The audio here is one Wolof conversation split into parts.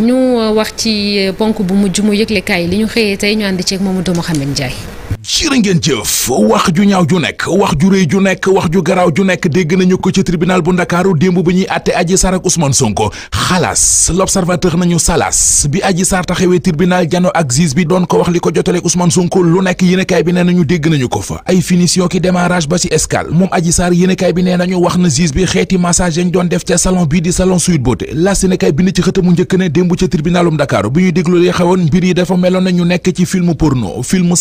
ñu euh, wax ci euh, ponk bu mujj mu yëgle kaay li ñu xëyee tey ñu ànd ceeg Mamadou Mouhamed Ndiaye jërë ngeen jëf wax ju ñaaw ju nekk wax ju rëy ju nekk wax ju garaaw ju nekk dégg nañu ko ci tribunal bu ndakaaru démb bi ñuy àtte Adji Sarr ak Ousmane Sonko xalaas l'observateur nañu salas bi Adji Sarr taxawee tribunal jano ak juge bi doon ko wax li ko jotale Ousmane Sonko lu nekk yéenekaay bi nee nañu dégg nañu ko fa ay finition ki démarrage ba ci escale moom Adji Sarr bi nee nañu wax na juge bi xeeti massage yañ doon def ca salon bii di salon Sweet Beauté la ci xëtamu njëkk bi ñuy déglu li xewoon mbir yi dafa meloon nañu nekk ci film porno film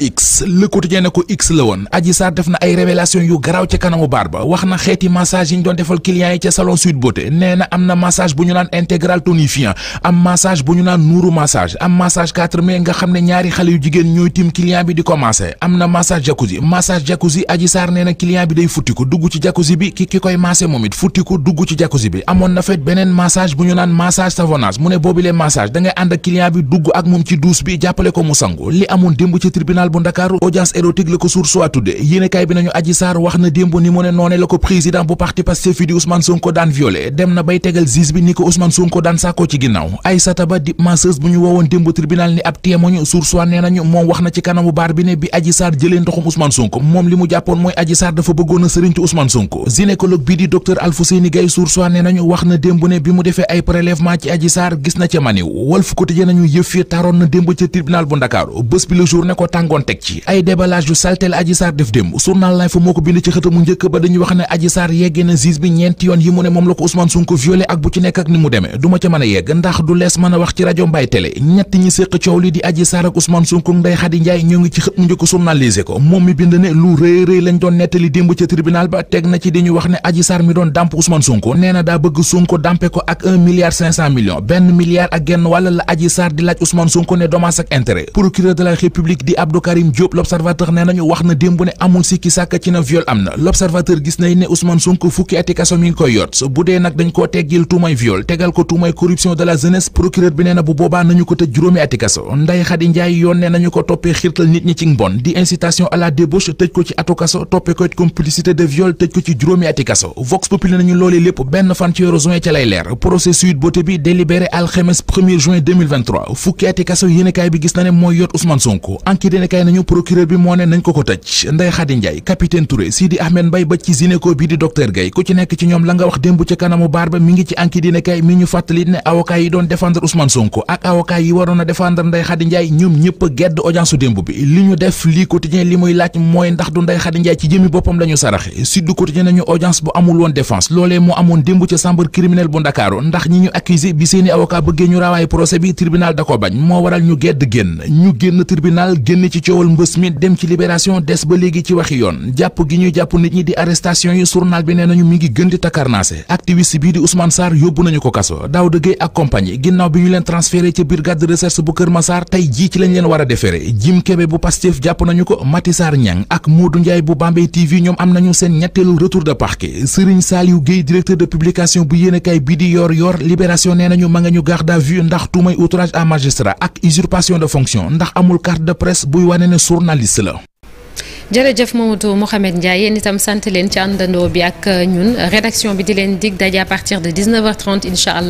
X le quotidien ne ko X la woon Adji Sarr def na ay révélation yu garaaw ca kanamu baar ba wax na xeeti massage yi ñu doon defal clients yi ca salon Sweet Beauté nee na am na massage bu ñu naan intégral tonifiant am massage bu ñu naan nuuru massage am massage quatre mais nga xam ne ñaari xale yu jigéen ñooy tim client bi di commencé am na massage jacuzzi massage jacuzzi Adji Sarr nee na client bi day futtiku dugg ci jacuzzi bi ki ki koy massé moom it futtiku dugg ci bi amoon na fait beneen massage bu ñu naan massage savonnage mu ne boobilee massage da ngay ànd ak client bi dugg ak moom jàppale ko mu sangu li ci tribunal bu ndakaaru audience érotique la ko suur tudde yéenekaay bi nañu Adji wax na démb ni mu ne noone la ko président bu parti Pastef fi di Ousmane Sonko daan violé dem na bay tegal zis ni ko Ousmane Sonko daan sàkkoo ci ginnaaw Aïssata Ba di masseuse bu ñu woowoon démb tribunal ni ab témoigne suur soi nañu moom wax na ci kanamu baar bi ne bi Adji Sarr jëlee ndoxum Ousmane Sonko moom li mu jàppoon mooy Adji dafa bëggoon sëriñ ci Ousmane Sonko ko tàngoon waxoon teg ci ay déballage yu saltel Adji Sarr def démb journal Life moo ko bind ci xëtamu njëkk ba dañuy wax ne Adji Sarr yeggee na bi ñeenti yoon yi mu ne moom la ko Ousmane Sonko violé ak bu ci nekk ak ni mu demee du ca mën a yegg ndax du lees mën a wax ci rajo mbay télé ñett ñi séq coow li di Adji ak Ousmane Sonko Ndeye Khady Ndiaye ñoo ngi ci xët mu njëkk journalisé ko moom mi bind ne lu rëy rëy lañ doon nettali démb ca tribunal ba teg na Karim Diop l'observateur nee nañu wax na démb ne amul sikki sàkk ci na viol am na l'observateur gis nañ ne Ousmane Sonko fukki ati kaso mi ngi bi gis na ne mooy yot Ousmane Sonko enquête yéenekaay nañu procureur bi moo ne nañ ko ko tëj Ndeye Khady Ndiaye capitaine Touré Sidi Ahmed Mbaye ba ci gynéco bi di docteur Gaye ku ci nekk ci ñoom la nga wax démb ca kanamu baar ba mi ngi ci enquête yéenekaay mi ñu fàttali ne avocat yi doon défendre Ousmane Sonko ak avocat yi waroon a défendre Ndeye Khady Ndiaye ñoom ñëpp gedd audience démb bi li ñu def lii quotidien li muy laaj mooy ndax du Ndeye Khady Ndiaye ci jëmi boppam la saraxe Sud du quotidien nañu audience da coowal jii ci lañ leen war a defere Jim Kebe bu Pastef jàpp nañu ko Mati Sarr Niang ak Modou Ndiaye bu Bambey TV ñoom am nañu seen ñetteelu retour de parquet Serigne Saliou Gueye directeur de publication bu yéenekaay bii di yor yor libération nee nañu ma nga ñu garde à vue ndax tuumay outrage à magistrat ak usurpation de fonction ndax amul carte de presse buy wane ne journaliste la. jërëjëf Mamadou Mouhamed Ndiaye yéen itam sant leen ci àndandoo bi ak ñun rédaction bi di leen dig daje à partir de 19h30 incha allah.